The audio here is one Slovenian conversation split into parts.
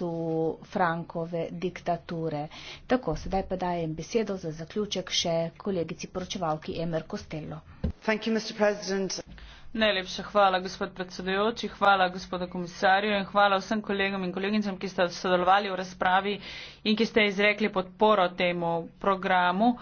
koncu Frankove diktature. Tako, sedaj pa dajem besedo za zaključek še kolegici poročevalki Emer Kostelo. Najlepša hvala, gospod predsedujoči, hvala gospodu komisarju in hvala vsem kolegom in kolegincem, ki ste sodelovali v razpravi in ki ste izrekli podporo temu programu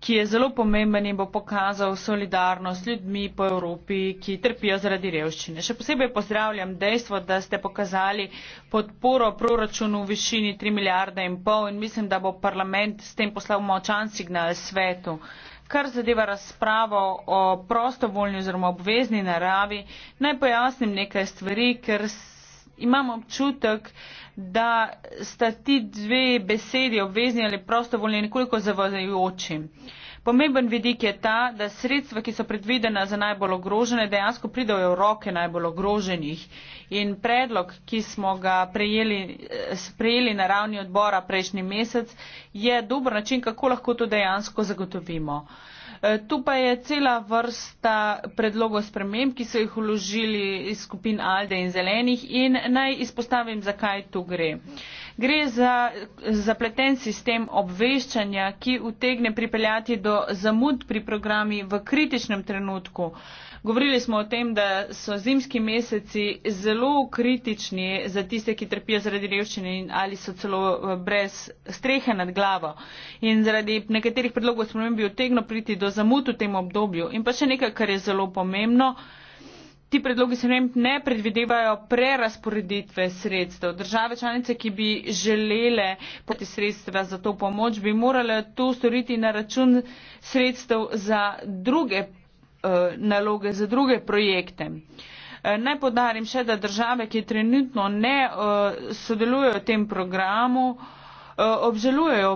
ki je zelo pomemben in bo pokazal solidarnost ljudmi po Evropi, ki trpijo zaradi revščine. Še posebej pozdravljam dejstvo, da ste pokazali podporo proračunu v višini 3 milijarde in pol in mislim, da bo parlament s tem poslal močan signal svetu. Kar zadeva razpravo o prostovoljni oziroma obvezni naravi, naj pojasnim nekaj stvari, ker imam občutek, da sta ti dve besedi, obvezni ali prostovoljni, nekoliko zavazujoči. Uh, Pomemben vidik je ta, da sredstva, ki so predvidena za najbolj ogrožene, dejansko pridajo v roke najbolj ogroženih. In predlog, ki smo ga prejeli, eh, sprejeli na ravni odbora prejšnji mesec, je dober način, kako lahko to dejansko zagotovimo. Eh, tu pa je cela vrsta predlogov sprememb, ki so jih vložili iz skupin Alde in Zelenih in naj izpostavim, zakaj tu gre. Uh, Gre za zapleten sistem obveščanja, ki utegne pripeljati do zamud pri programi v kritičnem trenutku. Govorili smo o tem, da so zimski meseci zelo kritični za tiste, ki trpijo zaradi revščine in ali so celo eh, brez strehe nad glavo. In zaradi nekaterih predlogov smo mi bi utegno priti do zamud v tem obdobju. In pa še nekaj, kar je zelo pomembno ti predlogi sprememb ne predvidevajo prerasporeditve sredstev. Države članice, ki bi želele poti sredstva za to pomoč, bi morale to storiti na račun sredstev za druge uh, naloge, za druge projekte. Eh, naj podarim še, da države, ki trenutno ne uh, sodelujejo v tem programu, uh, obžalujejo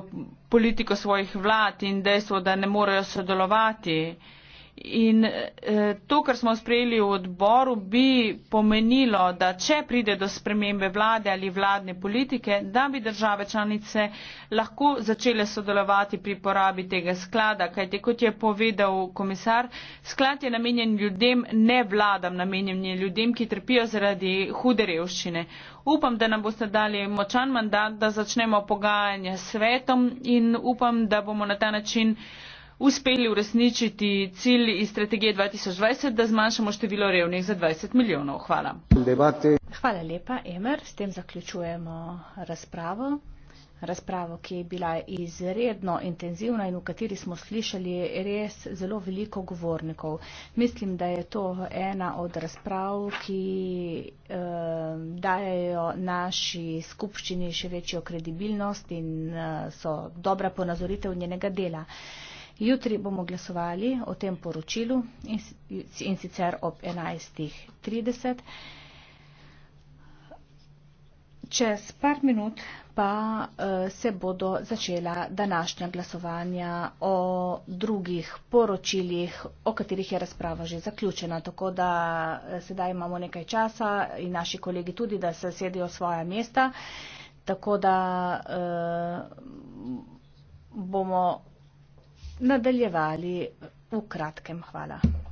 politiko svojih vlad in dejstvo, da ne morejo sodelovati. Uh, In eh, to, kar smo sprejeli v odboru, bi pomenilo, da če pride do spremembe vlade ali vladne politike, da bi države članice lahko začele sodelovati pri porabi tega sklada. Kajte, kot je povedal komisar, sklad je namenjen ljudem, ne vladam, namenjen je ljudem, ki trpijo zaradi hude revščine. Upam, da nam boste dali močan mandat, da začnemo pogajanja s svetom in upam, da bomo na ta način uspeli uresničiti cilj iz strategije 2020, da zmanjšamo število revnih za 20 milijonov. Hvala. Hvala lepa, Emer. S tem zaključujemo razpravo. Razpravo, ki je bila izredno intenzivna in v kateri smo slišali res zelo veliko govornikov. Mislim, da je to ena od razprav, ki eh, dajo naši skupščini še večjo kredibilnost in eh, so dobra ponazoritev njenega dela. Eh, Jutri bomo glasovali o tem poročilu in sicer ob 11.30. Čez par minut pa eh, se bodo začela današnja glasovanja o drugih poročilih, o katerih je razprava že zaključena. Tako da eh, sedaj imamo nekaj časa in naši kolegi tudi, da se sedijo svoja mesta. Tako da eh, bomo nadaljevali v kratkem. Hvala.